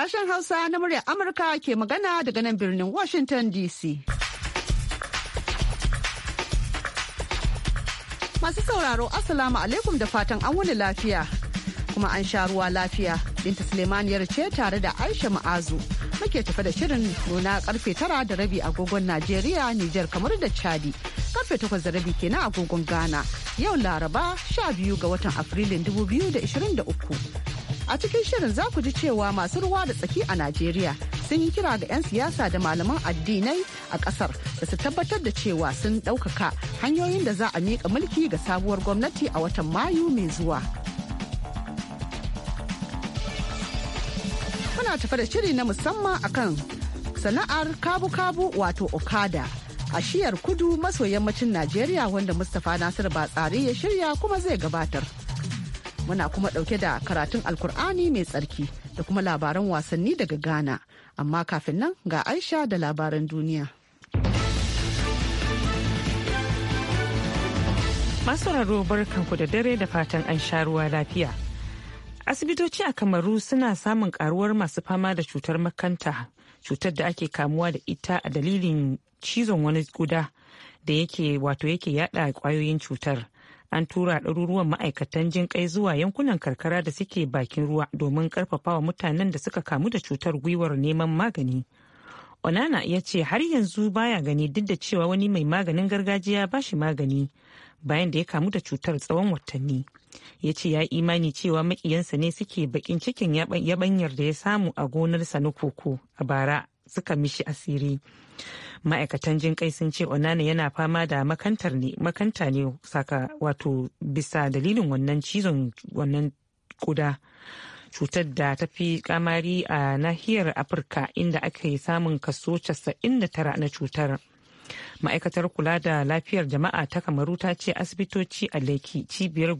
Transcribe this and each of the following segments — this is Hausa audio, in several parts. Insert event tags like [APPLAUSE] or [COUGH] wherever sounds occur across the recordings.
Sashen Hausa na muryar Amurka ke magana daga nan birnin Washington DC. Masu sauraro Assalamu alaikum da fatan an wuni lafiya kuma an sha ruwa lafiya. Binta Sulemaniyar ce tare da Aisha Ma'azu muke tafe da shirin nuna karfe tara da rabi agogon Najeriya, Nijar kamar da Chadi. Karfe takwas da rabi kenan agogon Ghana. Yau Laraba sha biyu ga watan Afrilun 2023. A cikin shirin za ku ji cewa masu ruwa da tsaki a Najeriya sun yi kira ga 'yan siyasa da malaman addinai a kasar da su tabbatar da cewa sun ɗaukaka hanyoyin da za a miƙa mulki ga sabuwar gwamnati a watan Mayu mai zuwa. Muna tafa da shiri na musamman akan sana'ar kabu-kabu wato okada a shiyar kudu maso yammacin Najeriya wanda Mustapha Nasir tsari ya shirya kuma zai gabatar. muna kuma ɗauke da karatun alkur'ani mai tsarki da kuma labaran wasanni daga ghana amma kafin nan ga aisha da labaran duniya masauraro barkanku da dare da fatan an sha ruwa lafiya asibitoci a kamaru suna samun karuwar masu fama da cutar makanta cutar da ake kamuwa da ita a dalilin cizon wani guda da yake wato yake yada kwayoyin cutar an tura ɗaruruwan ma'aikatan jin kai zuwa yankunan karkara da suke bakin ruwa domin karfafawa mutanen da suka kamu da cutar gwiwar neman magani. Onana ya ce har yanzu baya gani duk da cewa wani mai maganin gargajiya ba shi magani bayan da ya kamu da cutar tsawon watanni. Ya ce ya imani cewa makiyansa ne suke bakin cikin yabanyar da ya samu a gonarsa na koko a bara suka mishi asiri ma'aikatan jin kai sun ce onana yana fama da makantar ne makanta ne saka wato bisa dalilin wannan cizon wannan kuda cutar da ta fi kamari a nahiyar afirka inda ake samun kaso tara na cutar ma'aikatar kula da lafiyar jama'a ta kamaru ta ce asibitoci a laiki cibiyar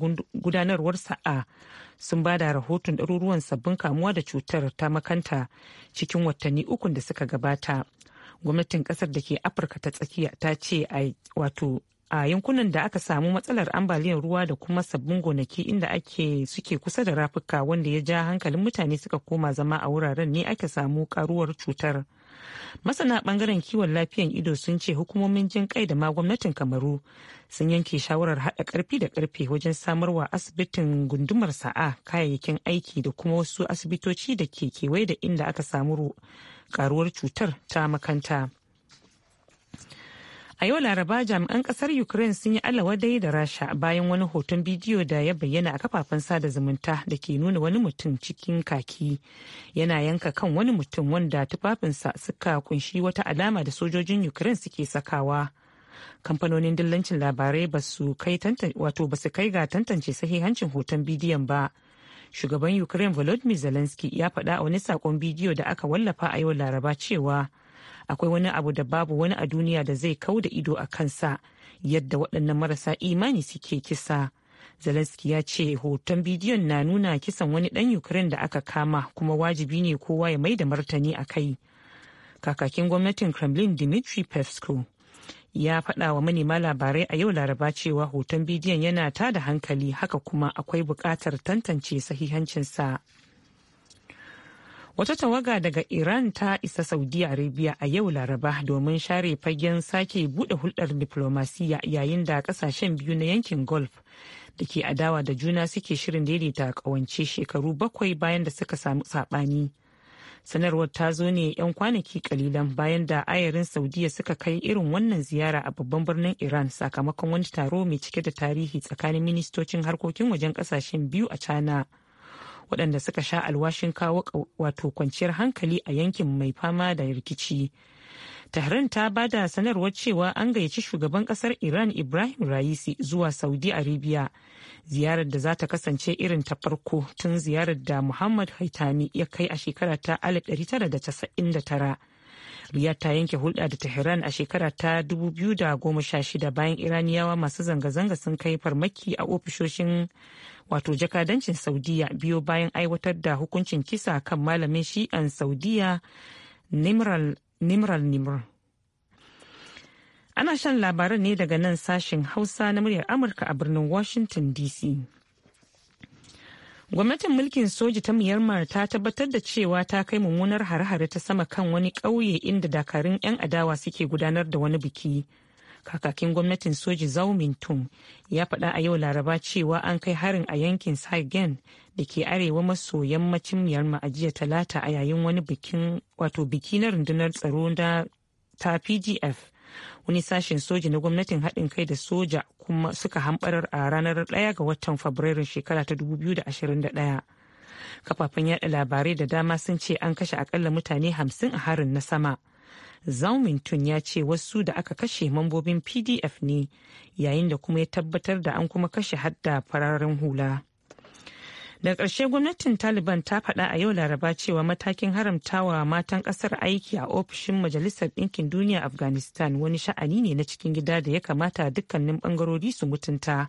gudanarwar sa'a sun bada rahoton ɗaruruwan sabbin kamuwa da cutar ta makanta cikin watanni ukun da suka gabata gwamnatin ƙasar da ke afirka ta tsakiya ta ce a wato a yankunan da aka samu matsalar ambaliyar ruwa da kuma sabbin gonaki inda ake suke kusa da rafuka wanda ya ja hankalin mutane suka koma zama a wuraren ne ake samu karuwar cutar. masana bangaren kiwon lafiyan ido sun ce hukumomin jin kai da ma gwamnatin kamaru sun yanke shawarar haɗa ƙarfi da karfe wajen samar wa asibitin gundumar sa'a kayayyakin aiki da kuma wasu asibitoci da ke kewaye da inda aka samu karuwar cutar ta makanta A yau Laraba jami'an kasar Ukraine sun yi dai da Rasha bayan wani hoton bidiyo da ya bayyana a kafafen sada zumunta da ke nuna wani mutum cikin kaki yana yanka kan wani mutum wanda tufafinsa suka kunshi wata alama da sojojin Ukraine suke sakawa. Kamfanonin dillancin labarai ba su kai ga tantance sahihancin hoton bidiyon ba. Shugaban Ukraine Volodymyr Zelensky ya faɗa a wani saƙon bidiyo da aka wallafa a yau Laraba cewa akwai wani abu da babu wani a duniya da zai kau da ido a kansa yadda waɗannan marasa imani suke kisa. Zelensky ya ce hoton bidiyon na nuna kisan wani ɗan Ukraine da aka kama kuma wajibi ne kowa ya mai da martani a kai. Kakakin gwamnatin Kremlin Dmitry Pesko ya faɗa wa manema labarai a yau laraba cewa hoton bidiyon yana ta da hankali haka kuma akwai buƙatar tantance sahihancinsa. Wata tawaga daga Iran ta isa Saudi Arabia a yau Laraba domin share fagen sake buɗe hulɗar diflomasiyya yayin da ƙasashen biyu na yankin golf da ke adawa da juna suke shirin daidaita ƙawance shekaru bakwai bayan da suka samu saɓani. sanarwar ta zo ne 'yan kwanaki kalilan bayan da ayarin saudiya suka kai irin wannan ziyara a babban birnin iran sakamakon wani taro mai cike da tarihi tsakanin ministocin harkokin wajen kasashen biyu a china waɗanda suka sha alwashin kawo wato kwanciyar hankali a yankin mai fama da rikici. Tehran ta ba da sanarwar cewa an gayyaci shugaban ƙasar Iran Ibrahim Raisi zuwa Saudi Arabia. Ziyarar da za ta kasance irin ta farko tun ziyarar da Muhammad Haitami ya kai a shekara ta 1999. riyadh ta yanke hulɗa da tehran a shekara ta 2016 bayan iraniyawa masu zanga-zanga sun kai farmaki a ofishoshin wato jakadancin saudiya biyo bayan aiwatar da hukuncin kisa kan malamin shi'an saudiya nimral nimr ana shan labaran ne daga nan sashen hausa na muryar amurka a birnin washington dc Gwamnatin mulkin soji ta Myanmar ta tabbatar da cewa ta kai mummunar hare-hare ta sama kan wani ƙauye inda dakarun 'yan adawa suke gudanar da wani biki. Kakakin gwamnatin soji Zaumin ya faɗa a yau Laraba cewa an kai harin a yankin Saigen da ke arewa maso yammacin Myanmar a jiya Talata a yayin wani wato biki na rundunar tsaro ta pdf. wani sashen soja na gwamnatin haɗin kai da soja kuma suka hamɓarar a ranar 1 ga watan fabrairun shekara ta 2021 kafafen yada labarai da dama sun ce an kashe akalla mutane hamsin a harin na sama zaumintun ya ce wasu da aka kashe mambobin pdf ne yayin da kuma ya tabbatar da an kuma kashe hadda fararen hula da ƙarshe gwamnatin taliban ta faɗa a yau laraba cewa matakin haramtawa matan ƙasar aiki a ofishin majalisar ɗinkin duniya afghanistan wani sha'ani ne na cikin gida da ya kamata dukkanin ɓangarori su mutunta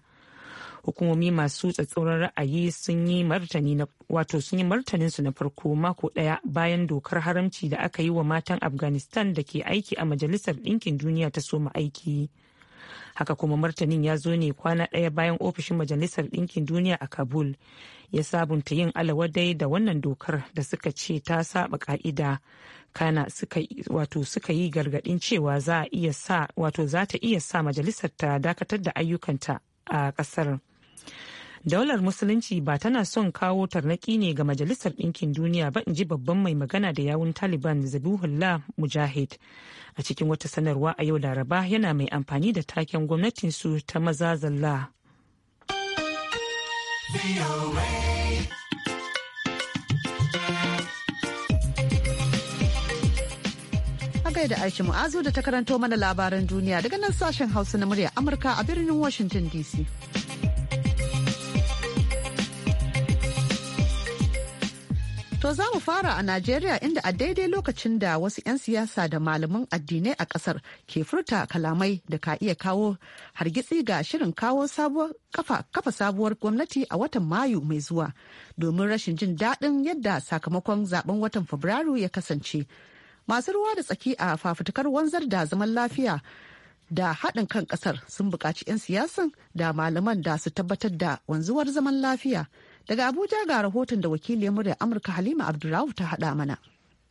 hukumomi masu tsatsauran ra'ayi sun yi martani na wato sun yi martanin su na farko mako ɗaya bayan dokar haramci da aka yi wa matan afghanistan da ke aiki a majalisar ɗinkin duniya ta soma aiki haka kuma martanin ya zo ne kwana ɗaya bayan ofishin majalisar ɗinkin duniya a kabul ya sabunta yin alawadai da wannan dokar da suka ce ta saba ka'ida kana suka yi gargaɗin cewa za wato za ta iya sa majalisar ta dakatar da ayyukanta a ƙasar daular musulunci ba tana son kawo tarnaki ne ga majalisar ɗinkin duniya ba in ji babban mai magana da yawun taliban zabihullah mujahid a cikin wata sanarwa a yau laraba yana mai amfani da taken gwamnatinsu ta maza zalla Agai da aiki Mu'azu da ta karanto mana labaran duniya daga nan sashen Hausa na murya Amurka a birnin Washington DC. To za mu fara a Najeriya inda a daidai lokacin da wasu 'yan siyasa da malaman addinai a kasar ke furta kalamai da ka iya kawo hargitsi ga shirin kawo kafa sabuwar gwamnati a watan Mayu mai zuwa domin rashin jin daɗin yadda sakamakon zaben watan Fabrairu ya kasance. Masu ruwa da tsaki a fafutukar wanzar da zaman lafiya da haɗin kan ƙasar sun buƙaci 'yan siyasan da malaman da su tabbatar da wanzuwar zaman lafiya. Daga Abuja ga rahoton da wakiliyar muryar Amurka Halima Abdulrauf ta haɗa mana.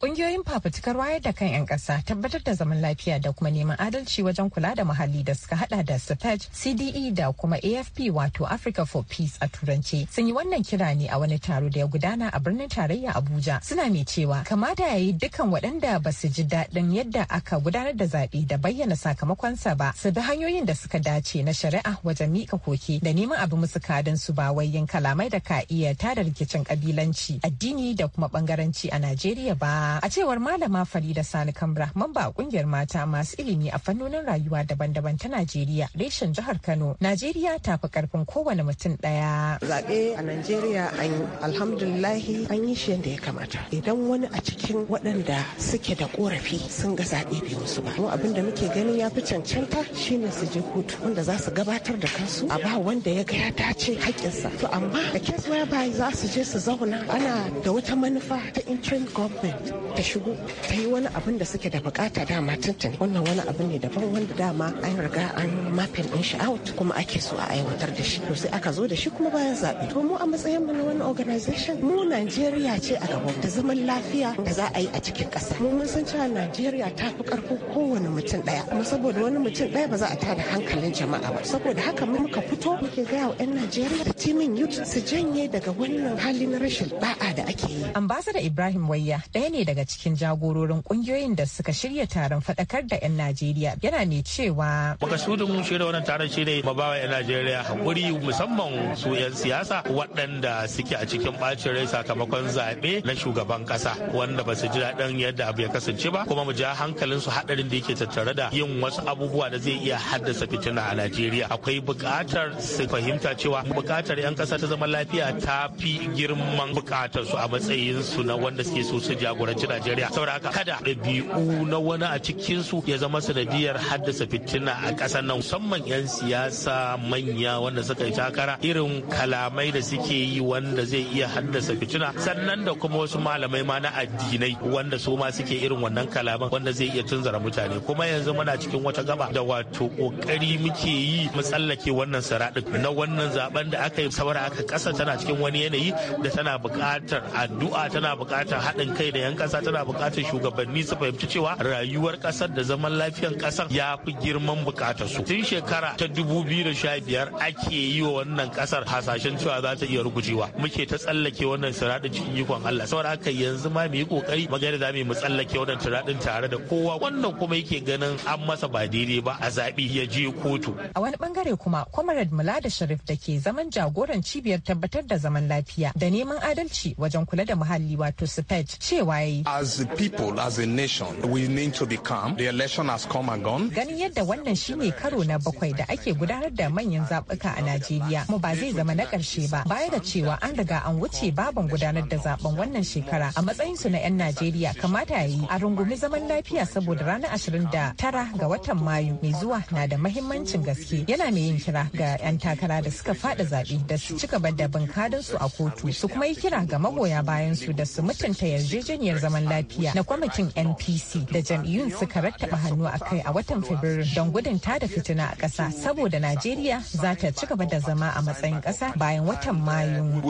Ƙungiyoyin fafutukar wayar da kan 'yan ƙasa tabbatar da zaman lafiya da kuma neman adalci wajen kula da muhalli da suka hada da SAPEJ, CDE da kuma AFP wato Africa for Peace a Turanci, sun yi wannan kira ne a wani taro da ya gudana a birnin tarayya Abuja. Suna mai cewa kama da yayi dukkan waɗanda ba su ji daɗin yadda aka gudanar da zaɓe da bayyana sakamakonsa ba su bi hanyoyin da suka dace na shari'a wajen mika koke da neman abu musu kadin su ba wai yin kalamai da ka iya tada rikicin ƙabilanci, addini da kuma bangaranci a Najeriya ba. a cewar malama Farida Sani Kambra mamba a kungiyar mata masu ilimi a fannonin rayuwa daban-daban ta Najeriya reshen jihar Kano. Najeriya ta fi karfin kowane mutum daya. Zabe a Najeriya an alhamdulillahi an yi shi yadda ya kamata. Idan wani a cikin waɗanda suke da korafi sun ga zaɓe bai musu ba. Mu abin da muke ganin ya fi cancanta shine su je kotu wanda za su gabatar da kansu a ba wanda ya ga ya dace haƙƙinsa. To amma da kes ba za su je su zauna ana da wata manufa ta interim government ta shigo ta yi wani abin da suke da bukata dama tuntun wannan wani abu ne daban wanda dama an riga an mafin din shi out kuma ake so a aiwatar da shi to sai aka zo da shi kuma bayan zaɓe to mu a matsayin mu na wani organization mu Najeriya ce a gaban da zaman lafiya da za a yi a cikin kasa. mu mun san cewa Najeriya ta fi ƙarfin kowane mutum ɗaya kuma saboda wani mutum ɗaya ba za a tada hankalin jama'a ba saboda haka muka fito muke gaya wa 'yan Najeriya da timin youth su janye daga wannan hali na rashin ba'a da ake yi. Ambassador Ibrahim Wayya ɗaya ne daga cikin jagororin kungiyoyin da suka shirya taron faɗakar da 'yan Najeriya yana ne cewa. Makasudin shirya wannan taron shi ne mabawa 'yan Najeriya hakuri musamman su 'yan siyasa waɗanda suke a cikin ɓacin rai sakamakon zaɓe na shugaban ƙasa wanda ba su ji daɗin yadda abu ya kasance ba kuma mu ja hankalin su haɗarin da yake tattare da yin wasu abubuwa da zai iya haddasa fitina a Najeriya. Akwai buƙatar su fahimta cewa buƙatar 'yan ƙasa ta zama lafiya ta fi girman buƙatar su a matsayin su na wanda suke so su jagoranci fuskanci Najeriya saboda haka kada ɗabi'u na wani a cikin su ya zama sanadiyar haddasa fitina a ƙasar nan musamman 'yan siyasa manya wanda suka yi takara irin kalamai da suke yi wanda zai iya haddasa fitina sannan da kuma wasu malamai ma na addinai wanda su ma suke irin wannan kalaman wanda zai iya tunzara mutane kuma yanzu muna cikin wata gaba da wato kokari muke yi mu tsallake wannan saraɗin na wannan zaben da aka yi saboda aka ƙasa tana cikin wani yanayi da tana buƙatar addu'a tana buƙatar haɗin kai da 'yan ƙasa kasa tana bukatar shugabanni su fahimci cewa rayuwar kasar da zaman lafiyar kasar ya fi girman bukatar su tun shekara ta dubu biyu da sha biyar ake yi wa wannan kasar hasashen cewa za ta iya rugujewa muke ta tsallake wannan siradin cikin ikon Allah saboda haka yanzu ma mu yi kokari magana za mu tsallake wannan siradin tare da kowa wannan kuma yake ganin an masa ba daidai ba a zaɓi ya je kotu a wani bangare kuma comrade mulada sharif da ke zaman jagoran cibiyar tabbatar da zaman lafiya da neman adalci wajen kula da muhalli wato sped cewa ya yi. As a people, as a nation, we need to be calm. The election has come and gone. Ganin yadda wannan shine karo na bakwai da ake gudanar da manyan zaɓuka a Najeriya mu ba zai zama na ƙarshe ba. Baya da cewa an riga an wuce baban gudanar da zaɓen wannan shekara a matsayin su na 'yan Najeriya kamata ya yi a rungumi zaman lafiya saboda ranar 29 ga watan Mayu mai zuwa na da mahimmancin gaske yana mai yin kira ga 'yan takara da suka fada zaɓe da su ci gaba da bin su a kotu su kuma yi kira ga magoya bayan su da su mutunta yarjejeniyar zaman lafiya na kwamitin NPC da jam'iyyun suka rattaba hannu a kai a watan Fabrairu don gudun tada fitina a ƙasa saboda Najeriya za ta ci gaba da zama a matsayin ƙasa bayan watan Mayu.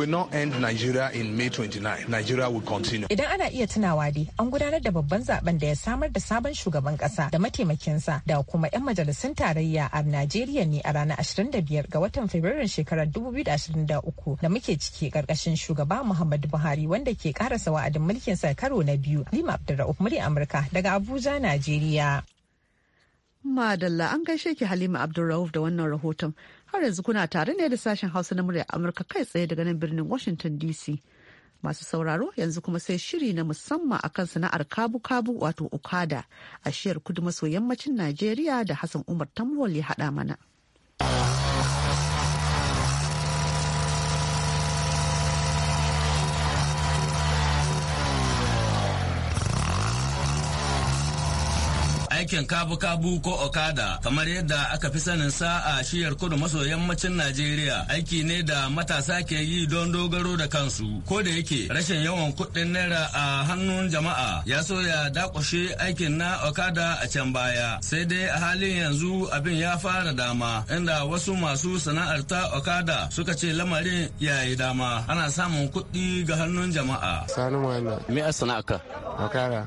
Idan ana iya tunawa dai an gudanar da babban zaben da ya samar da sabon shugaban ƙasa da mataimakinsa da kuma 'yan majalisun tarayya a Najeriya ne a ranar 25 ga watan Fabrairun shekarar 2023 da muke ciki ƙarƙashin shugaba Muhammadu Buhari wanda ke ƙarasa wa'adin mulkinsa karo karo na biyu lima abdulra'uf murya amurka daga abuja najeriya madalla an gaishe ki halima abdulra'uf da wannan rahoton har yanzu kuna tare ne da sashen hausa na murya amurka kai tsaye daga nan birnin washington dc masu sauraro yanzu kuma sai shiri na musamman akan sana'ar kabu-kabu wato Okada a shiyar kudu maso yammacin najeriya da hassan umar tamwal ya haɗa mana aikin kabu-kabu ko okada kamar yadda aka fi sanin sa a shiyar kudu maso yammacin Najeriya aiki ne da matasa ke yi don dogaro da kansu ko da yake rashin yawan kuɗin naira a hannun jama'a ya so ya dakushe aikin na okada a can baya sai dai a halin yanzu abin ya fara dama inda wasu masu sana'ar ta okada suka ce lamarin ya yi dama ana samun kuɗi ga hannun jama'a. Sani Muhammad. Me a ka Okada.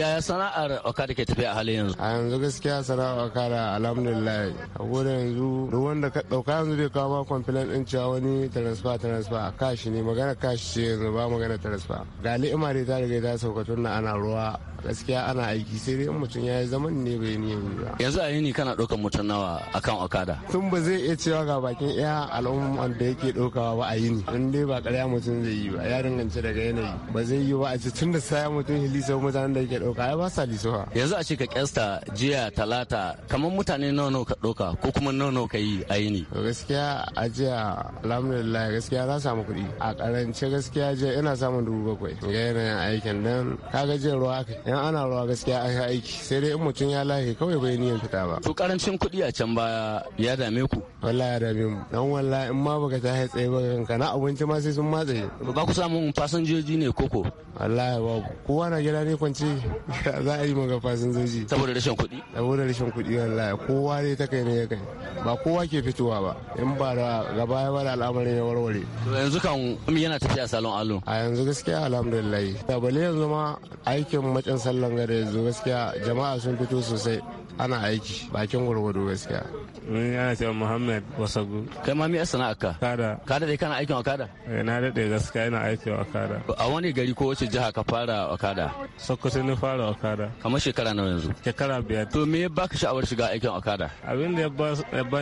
Yaya sana'ar okada ke tafiya a halin yanzu? a yanzu gaskiya sana'a kara alhamdulillah a gode yanzu ruwan da ka dauka yanzu bai kawo ba kwamfilan din cewa wani transfer transfer kashi ne magana kashi ce yanzu ba magana transfer ga ni'ima dai ta riga ta sauka tun ana ruwa gaskiya ana aiki sai dai mutum ya yi zaman ne bai ne ba yanzu a yini kana ɗaukar mutum nawa akan okada tun ba zai iya cewa ga bakin iya al'umman da yake ɗaukawa ba a yini in dai ba ƙarya mutum zai yi ba ya danganci daga yanayi ba zai yi ba a ce tun da saya mutum hilisau mutanen da yake ɗauka ya ba sa lisuwa yanzu a ce ka kyasta jiya talata kamar mutane nawa nawa ka ɗauka ko kuma nawa nawa ka yi a yini gaskiya a jiya alhamdulillah gaskiya na samu kuɗi a ƙarance gaskiya jiya ina samun dubu bakwai ga yanayin aikin dan kaga jiya ruwa yan ana rawa gaskiya yi aiki sai dai in mutum ya lahi kawai bai niyan fita ba to karancin kuɗi a can baya ya dame ku wallahi ya dame mu dan wallahi in ma baka ta tsaye ba kanka na abinci ma sai sun matse ba ku samu fasinjoji ne koko wallahi ba kowa na gida ne kwance [LAUGHS] za a yi maka fasinjoji saboda rashin kuɗi saboda rashin kuɗi wallahi kowa ne ta kai ne ya kai ba kowa ke fitowa ba in ba da gaba ya bada al'amarin ya warware to yanzu kan yana tafiya salon allo a yanzu gaskiya alhamdulillah da bale yanzu ma aikin macen wannan sallan gare yanzu gaskiya jama'a sun fito sosai ana aiki bakin gwargwado gaskiya. Mun ana cewa Muhammad Wasagu. Kai ma me ya sana'a ka? Kada. Kada dai kana aikin Okada? Eh, na daɗe gaskiya ina aikin Okada. A wani gari ko wace jiha ka fara Okada? Sokoto n'i fara Okada. Kamar shekara nawa yanzu? Shekara biyar. To me ya baka sha'awar shiga aikin Okada? Abin da ya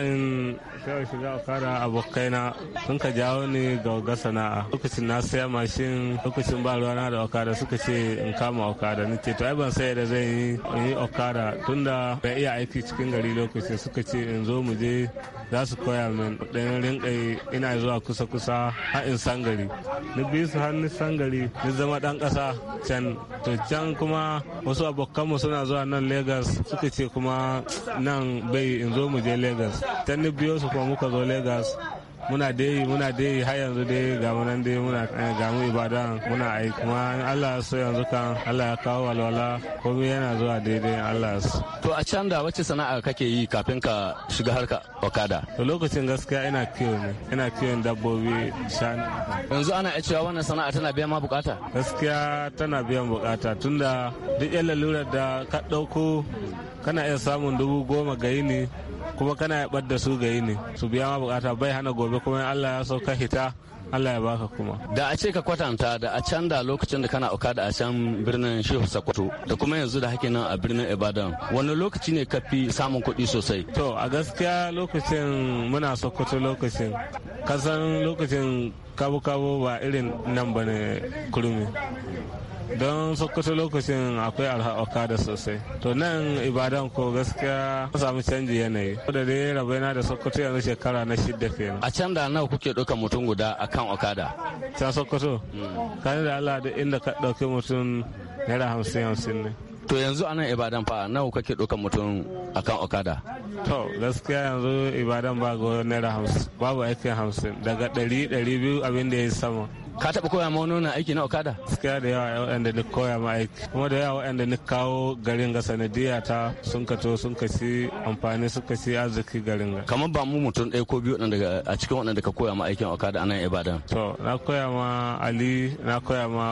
in sha'awar shiga Okada abokaina sun ka jawo ni ga ga sana'a. Lokacin na siya mashin lokacin ba na da Okada suka ce in kama Okada ni ceto ai ban sai da zai yi okada tunda bai iya aiki cikin gari lokaci suka ce in zo mu je za su koya min ɗan rinka ina zuwa kusa-kusa har in san gari ni bi su har ni san gari ni zama ɗan ƙasa can to can kuma wasu abokanmu suna zuwa nan lagos suka ce kuma nan bai in zo mu je lagos can ni biyo su kuma muka zo lagos muna dai muna dai har yanzu dai ga mu nan dai muna eh, ga mu ibadan muna aiki kuma Allah ya so yanzu kan Allah ya kawo walwala komai yana zuwa daidai Allah to a can da wacce sana'a kake yi kafin ka shiga harka okada to lokacin gaskiya ina kiyo ne ina kiwon dabbobi shan yanzu ana iya cewa wannan sana'a tana biyan ma bukata gaskiya tana biyan bukata tunda duk yalla lura da ka dauko kana iya samun dubu goma ga yini kuma kana ya da su ga yini su biya ma bukata bai hana gobe kuma Allah ya sauka hita Allah ya baka kuma. Da a ce ka kwatanta da a can da lokacin da kana auka da a can birnin Shehu Sokoto da kuma yanzu da hakinan a birnin Ibadan wani lokaci ne ka fi samun kuɗi sosai. To a gaskiya lokacin muna Sokoto lokacin kasan lokacin kabo-kabo ba irin nan ba ne kurmi. don sokoto lokacin akwai alhaɓaka da sosai to nan ibadan ko gaskiya an samu canji yanayi da dai rabaina da sokoto yanzu shekara na shidda kenan a can da nawa kuke ɗauka mutum guda a kan okada can sokoto hmm. kan da allah da inda ka ɗauki mutum naira hamsin hamsin ne to yanzu anan ibadan fa nawa kake ɗaukan mutum a kan okada to gaskiya yanzu ibadan ba goyon naira hamsin babu aikin hamsin daga ɗari ɗari biyu abin da ya yi sama ka taɓa koya ma wani aiki na okada gaskiya da yawa waɗanda ni koya ma aiki kuma da yawa waɗanda ni kawo garin ga sanadiyya ta sun ka to sun ka si amfani ka si arziki garin ga kamar ba mu mutum ɗaya ko biyu a cikin waɗanda ka koya ma aikin okada anan ibadan to na koya ma ali na koya ma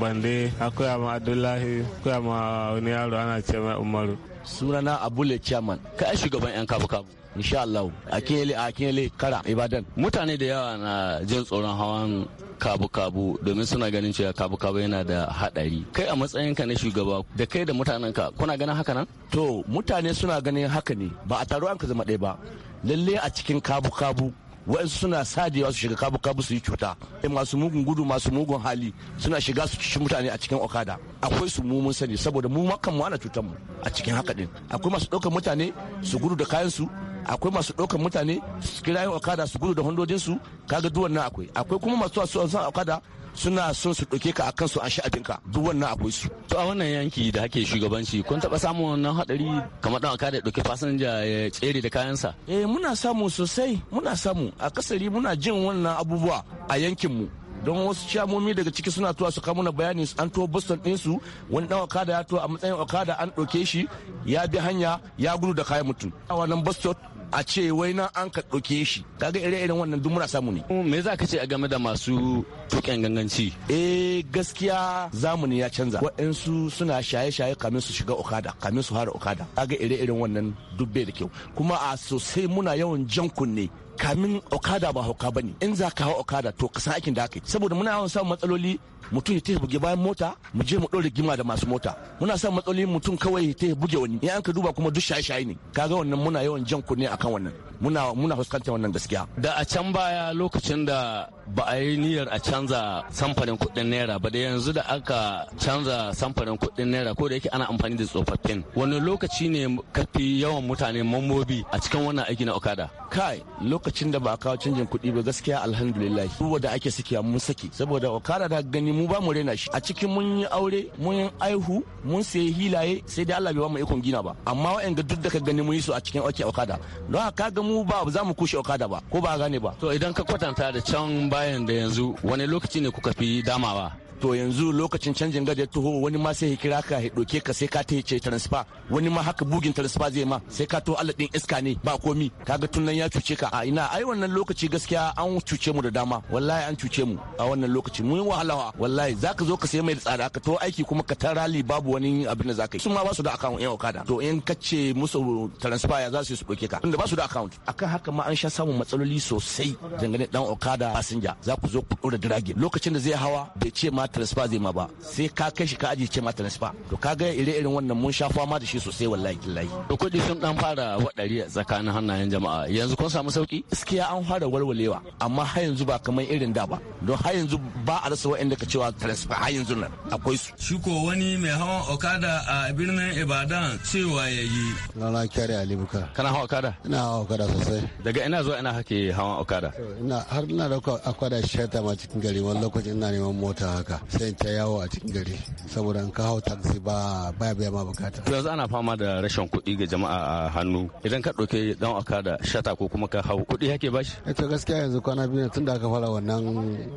bande na koya ma abdullahi koya ma wani yaro ana ce mai umaru sunana abule chairman kai shugaban yan kabu kabu insha Allah a kinyele a kinyele kara ibadan mutane da yawa na jin tsoron hawan kabu kabu domin suna ganin cewa kabu kabu yana da hadari kai a matsayin ka na shugaba da kai da mutanen ka kuna ganin haka nan to mutane suna ganin haka ne ba a taro an ka zama ɗaya ba lalle a cikin kabu kabu wa'insu suna sadewa su shiga kabu kabu su yi cuta masu mugun gudu masu mugun hali suna shiga su ci mutane a cikin okada akwai su mumun sani saboda mu makan mu ana cutar mu a cikin haka din akwai masu ɗaukar mutane su gudu da kayan su akwai masu ɗaukar mutane su kira yin okada su gudu da hondojin su kaga duwan nan akwai akwai kuma masu zuwa su okada suna son su ɗauke ka akan su an shi abinka duk wannan akwai su. To a wannan yanki da ake shugabanci kun taɓa samun wannan haɗari kamar ɗan aka da ɗauki fasinja ya tsere da kayansa? Eh muna samu sosai muna samu akasari muna jin wannan abubuwa a yankinmu. don wasu shamomi daga ciki suna tuwa su kamuna bayani an tuwa boston ɗinsu wani ɗan okada ya tuwa a matsayin okada an ɗauke shi ya bi hanya ya gudu da kayan mutum a wannan boston a ce wai na an ka ɗauke shi kaga ire irin wannan duk muna samu ne me za ka ce a game da masu tuƙen ganganci eh gaskiya zamani ya canza waɗansu suna shaye-shaye kamin su shiga okada kamin su hara okada kaga ire irin wannan duk bai da kyau kuma a sosai muna yawan jan kunne kamin okada ba hauka ba ne in za ka hau okada to ka san aikin da aka yi saboda muna yawan samun matsaloli mutum ya buge bayan mota mu je mu ɗaure gima da masu mota muna samun matsaloli mutum kawai ya buge wani in an ka duba kuma duk shaye-shaye ne kaga wannan muna yawan jan kunne akan wannan muna muna fuskantar wannan gaskiya da a can baya lokacin da ba a yi niyyar a canza samfarin kuɗin naira ba da yanzu da aka canza samfarin kuɗin naira ko da yake ana amfani da tsofaffin wani lokaci ne kafi yawan mutane mambobi a cikin wannan aiki na okada kai lokacin da ba kawo canjin kuɗi ba gaskiya alhamdulillah ruwa da ake saki mun saki saboda okada da gani mu ba mu rena shi a cikin mun yi aure mun yi aihu mun sayi hilaye sai dai Allah bai ba mu ikon gina ba amma wa'anga duk da ka gani mun yi su a cikin ake okada don haka ga mu ba za mu kushe okada ba ko ba gane ba to idan ka kwatanta da can bayan da yanzu wani lokaci ne kuka fi damawa to yanzu lokacin canjin gada ya taho wani ma sai ya kira ka ya doke ka sai ka tace transfer wani ma haka bugin transfer zai ma sai ka to Allah din iska ne ba komi kaga tun nan ya cuce ka a ina ai wannan lokaci gaskiya an cuce mu da dama wallahi an cuce mu a wannan lokaci mun wahala wallahi zaka zo ka sai mai da tsada ka to aiki kuma ka tarali babu wani abin da zaka yi sun ma ba su da account yan okada to in ka ce musu transfer ya za su su doke ka tunda ba su da account akan haka ma an sha samun matsaloli sosai dangane dan okada fasinja za ku zo ku dirage lokacin da zai hawa bai ce ma transfer zai ma ba sai ka kai shi ka aje ce ma transfer to kaga ire irin wannan mun sha fama da shi sosai wallahi killahi to kudi sun dan fara wadari tsakanin hannayen jama'a yanzu kun samu sauki gaskiya an fara walwalewa amma har yanzu ba kamar irin da ba don har yanzu ba a rasa wa'anda ka cewa transfer har yanzu nan akwai su shi ko wani mai hawan okada a birnin ibadan cewa yayi rana kare ali buka kana hawa okada ina hawa okada sosai daga ina zuwa ina hake hawan okada ina har ina da akwada shata ma cikin gari wani lokacin ina neman mota haka sayan sai ta yawo a cikin gari saboda ka hau taxi ba baya biya ma bukata to yanzu ana fama da rashin kuɗi ga jama'a a hannu idan ka ɗauke dan aka da shata ko kuma ka hau kuɗi yake bashi eh to gaskiya yanzu kwana biyu tun da aka fara wannan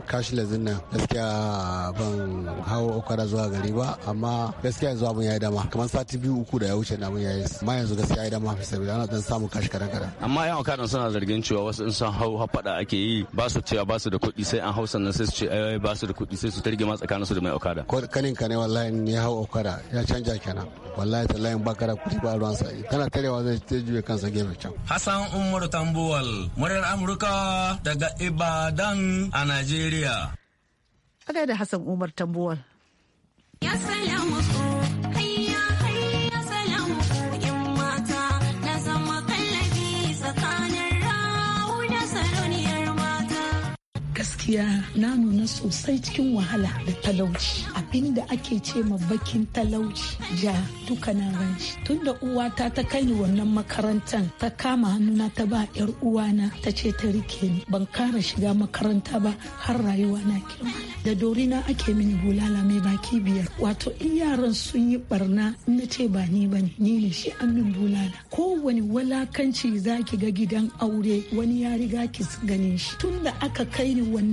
cashless din nan gaskiya ban hau okada zuwa gari ba amma gaskiya yanzu abun yayi dama kamar sati biyu uku da ya wuce na mun yayi amma yanzu gaskiya yayi dama saboda ana dan samun kashi karan karan amma yan akadan suna zargin cewa wasu in san hau hafada ake yi ba su cewa ba su da kuɗi sai an hau sannan sai su ce ai ba su da kuɗi sai su targe ma tsakanin su da mai okada kanin ka ne wallahi ya hau okada ya canja kenan wallahi ta layin baka da ba ruwan sa kana tarewa zai ta juye kansa gefe can Hassan Umar Tambuwal muryar Amurka daga Ibadan a Najeriya Aga da Hassan Umar Tambuwal Ya salamu gaskiya na nuna sosai cikin wahala da talauci abinda ake ce ma bakin talauci ja duka na ranci tunda uwata ta kai ni wannan makarantar ta kama hannuna ta ba yar uwana ta ce ta rike ni ban kara shiga makaranta ba har rayuwa na kirma da dorina ake mini bulala mai baki biyar wato in yaran sun yi barna na ce ba ni ba ni ne shi an min bulala kowane walakanci zaki ga gidan aure wani ya riga ki ganin shi tunda aka kai ni wannan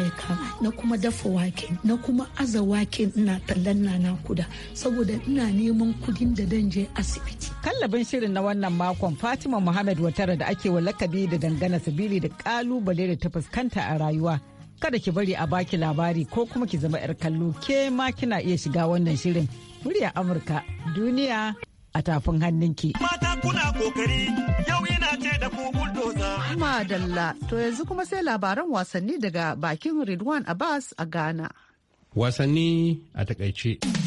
mayaka na kuma dafa wake na kuma aza wake ina tallan na nakuda saboda ina neman kudin da dan je asibiti kallabin shirin na wannan makon fatima muhammad watara da ake wa lakabi da dangana sabili da kalubale da ta fuskanta a rayuwa kada ki bari a baki labari ko kuma ki zama 'yar kallo ke ma kina iya shiga wannan shirin murya amurka duniya a tafin hannunki. Mata kuna kokari yau yana ce da ku bulldoza. Madalla to yanzu kuma sai labaran wasanni daga bakin Ridwan Abbas a Ghana. Wasanni a takaice.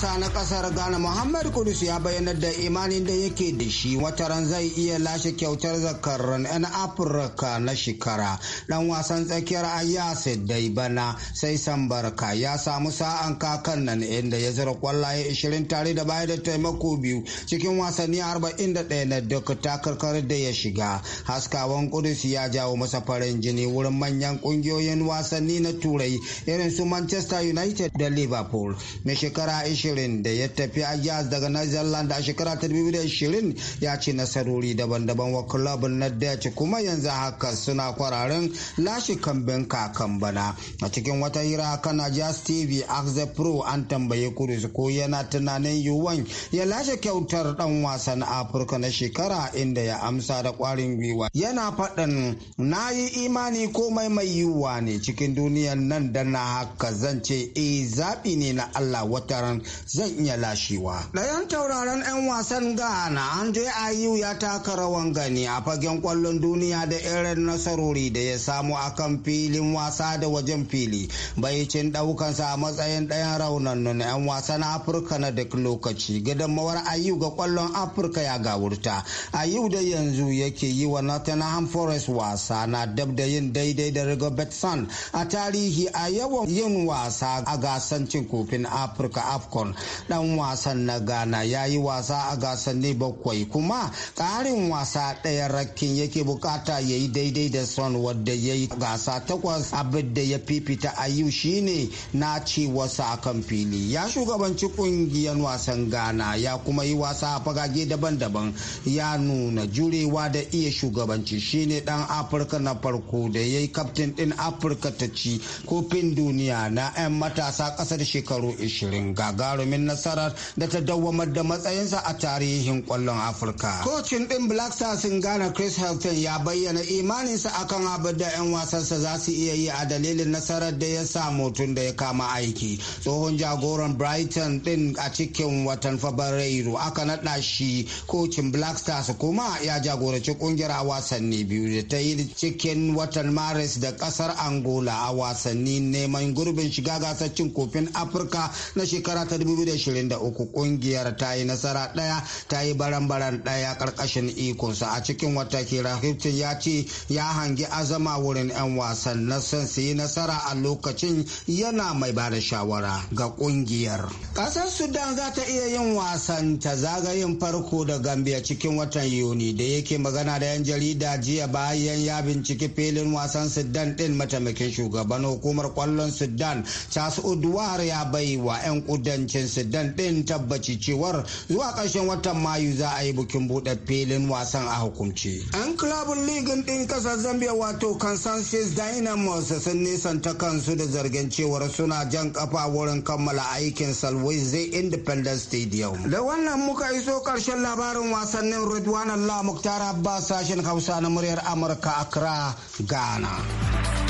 siyasa na kasar Ghana Muhammad Kudus ya bayyana da imanin da yake da shi wataran zai iya lashe kyautar zakaran 'yan Afirka na shekara. Dan wasan tsakiyar Ayase dai bana sai Sambarka ya samu sa'an kakan nan inda ya zira kwallaye 20 tare da bayar da taimako biyu cikin wasanni 41 na duk takarkar da ya shiga. Haskawan Kudus ya jawo masa farin jini wurin manyan kungiyoyin wasanni na Turai irin su Manchester United da Liverpool. Mai shekara 20 shirin da ya tafi Ajax daga Netherlands a shekara ta 2020 ya ci nasarori daban-daban wa kulabin na Dutch kuma yanzu haka suna kwararin lashe kambin kakan bana. A cikin wata hira kan Ajax TV Axe Pro an tambaye Kudus ko yana tunanin yuwan ya lashe kyautar dan wasan Afirka na shekara inda ya amsa da kwarin gwiwa. Yana faɗin na yi imani komai mai yiwuwa ne cikin duniyan nan da na haka zan ce e zaɓi ne na Allah wataran zan iya lashewa. Dayan tauraron 'yan wasan Ghana Andre Ayew ya taka rawan gani a fagen kwallon duniya da irin nasarori da ya samu a kan filin wasa da wajen fili baicin ɗaukansa a matsayin ɗayan na 'yan wasan Afirka na duk lokaci mawar Ayew ga kwallon Afirka ya gawurta. Ayew da yanzu yake yi wa Nottingham Forest wasa na dab da yin daidai da Rigobert Sun a tarihi a yawan yin wasa a gasancin kofin Afirka AFCON ɗan Dan wasan na Ghana ya yi wasa a gasar ne bakwai kuma ƙarin wasa ɗaya rakin yake bukata ya yi daidai da son wadda ya yi gasa takwas abin da ya fifita ayu shine na ci wasa kan fili. Ya shugabanci ƙungiyar wasan Ghana ya kuma yi wasa a fagage daban-daban ya nuna jurewa da iya shugabanci shine dan Afirka na farko da ya yi kaftin ɗin Afirka ta ci kofin duniya na 'yan matasa ƙasar shekaru 20 gagarin gagarumin nasarar da ta dawwamar da matsayinsa a tarihin kwallon afirka kocin din black stars in ghana chris Hilton ya bayyana imaninsa akan abin da 'yan wasansa za su iya yi a dalilin nasarar da ya samu tun da ya kama aiki tsohon jagoran brighton din a cikin watan fabrairu aka naɗa shi kocin black stars kuma ya jagoranci kungiyar a wasanni biyu da ta yi cikin watan maris da kasar angola a wasanni neman gurbin shiga gasar cin kofin afirka na shekara ta 2023 kungiyar ta yi nasara daya ta yi baran-baran ɗaya karkashin ikonsa a cikin wata kira ya ce ya hangi azama wurin 'yan wasan na son su yi nasara a lokacin yana mai ba da shawara ga kungiyar. Ƙasar Sudan za ta iya yin wasan ta zagayin farko da Gambia cikin watan Yuni da yake magana da 'yan jarida jiya bayan ya binciki filin wasan Sudan din mataimakin shugaban hukumar kwallon Sudan ta Odwar ya bai wa 'yan kudanci yankin sudan din tabbaci cewar zuwa ƙarshen watan mayu za a yi bikin buɗe filin wasan a hukumce an kilabun ligin din ƙasar zambia wato consensus dynamos sun nisanta kansu da zargin cewar suna jan kafa wurin kammala aikin zai independent stadium da wannan muka iso karshen labarin wasannin rudwan allah muktar abbas sashen hausa na muryar amurka accra ghana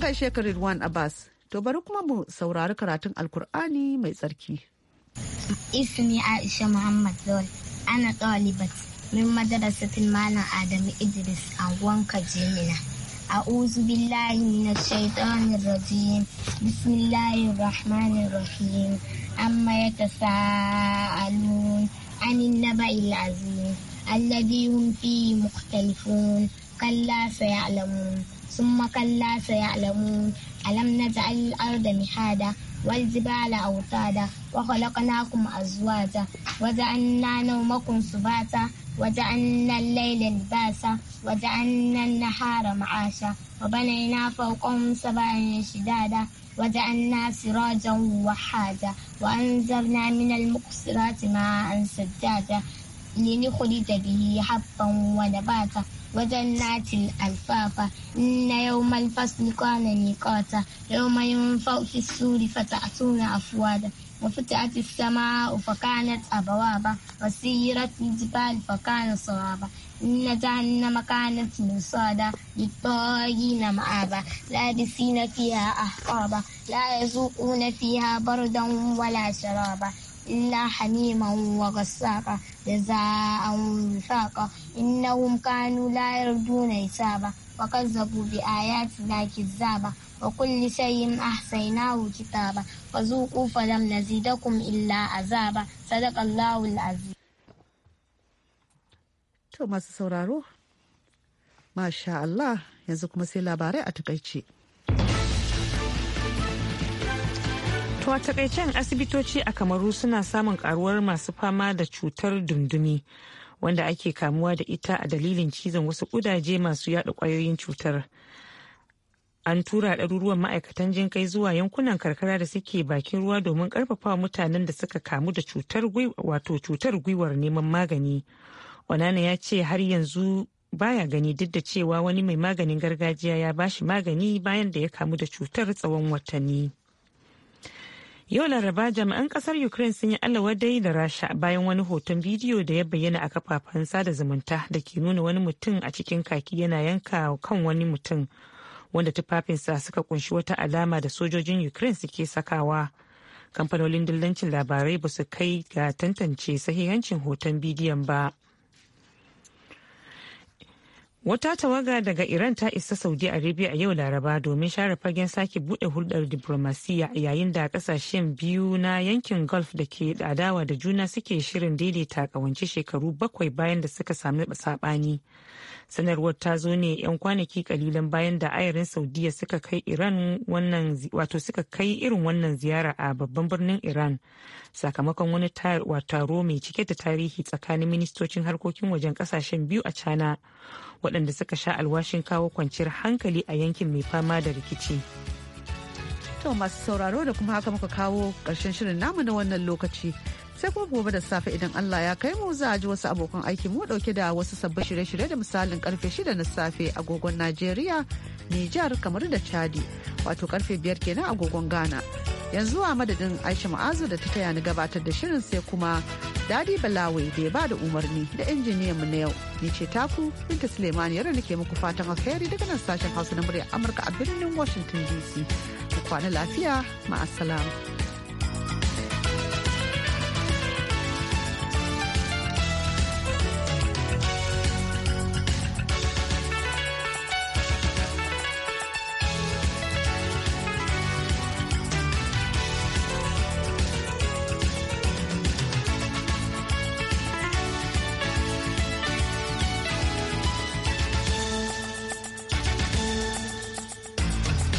kai shekarar Ridwan Abbas. To bari kuma mu saurari karatun Alkur'ani mai tsarki. Ismi Aisha Muhammad Zawal, ana ɗalibat, min madarasa Malam Adamu Idris a wanka jimina. A uzu billahi na shaitan rajim, bismillahi rahmanir rahim, amma ya ta sa'alun, anin na ba'il azim, alladi yun fi muhtalifun, kalla sa ثم كلا سيعلمون ألم نجعل الأرض مهادا والجبال أوتادا وخلقناكم أزواجا وجعلنا نومكم سباتا وجعلنا الليل لباسا وجعلنا النهار معاشا وبنينا فوقهم سبعا شدادا وجعلنا سراجا وحاجا وأنزلنا من المقصرات ماء سجاجا لنخرج به حبا ونباتا wajen latin alfafa na yau malfas ni kwana ni yau mai mun fauki suri fata a tuna afuwa da mafita ati sama ufakana tsabawa ba wasu yi rafi jiba alfakana sawa ba na jani na makana tunu sada yi na ma'a ba labisi na fiya a ba la ya zuku na fiya bardon wala sharaba illa haniman wa gasaka da za a wuri saka inna wun kanu layar duna ya saba wa kan zabu bi a ya ci laki zaba wa kulli sai a sai na ba wa kufa dam na zidakun illa azaba zaba sadakan lawul azi. to masu sauraro masha yanzu kuma sai labarai a tukaice. To a takaicen asibitoci a Kamaru suna samun karuwar masu fama da cutar dundumi wanda ake kamuwa da ita a dalilin cizon wasu kudaje masu yada kwayoyin cutar. An tura ɗaruruwan ma'aikatan jin kai zuwa yankunan karkara da suke bakin ruwa domin karfafa mutanen da suka kamu da cutar wato cutar gwiwar neman magani. Onana ya ce har yanzu baya gani duk da cewa wani mai maganin gargajiya ya bashi magani bayan da ya kamu da cutar tsawon watanni. Yau Laraba jami'an kasar Ukraine sun yi dai da Rasha bayan wani hoton bidiyo da ya bayyana a kafafen sada zumunta da ke nuna wani mutum a cikin kaki yana yanka kan wani mutum wanda tufafinsa suka kunshi wata alama da sojojin Ukraine suke sakawa. Kamfanonin dillancin labarai ba su kai ga tantance sahihancin hoton bidiyon ba. Wata tawaga daga Iran ta isa Saudi Arabia a yau Laraba domin share fagen sake bude hulɗar diplomasiya yayin da kasashen biyu na yankin Gulf da ke adawa da juna suke shirin daidaita kawance shekaru bakwai bayan da suka sami saɓani. Sanarwar ta zo ne 'yan kwanaki kalilan bayan da ayarin Saudiya suka kai Iran wannan wato suka kai irin wannan ziyara a babban birnin Iran sakamakon wani taro mai cike da tarihi tsakanin ministocin harkokin wajen kasashen biyu a China. waɗanda suka sha alwashin kawo kwanciyar hankali a yankin mai fama da rikici. To masu sauraro da kuma haka muka kawo ƙarshen shirin namu na wannan lokaci. Sai kuma gobe da safe idan Allah ya kai mu za a ji wasu abokan aiki mu dauke da wasu sabbin shirye-shirye da misalin karfe shida na safe agogon Najeriya, Nijar, kamar da Chadi, wato karfe biyar kenan agogon Ghana. Yanzu a madadin Aisha Ma'azu da ta taya ni gabatar da shirin sai kuma Dadi Balawe da ya bada umarni da injiniyan mu na yau. Ni ce taku Binta Suleiman yara nake muku fatan alheri daga nan sashen Hausa na murya Amurka a birnin Washington DC. Ku kwana lafiya ma'assalam.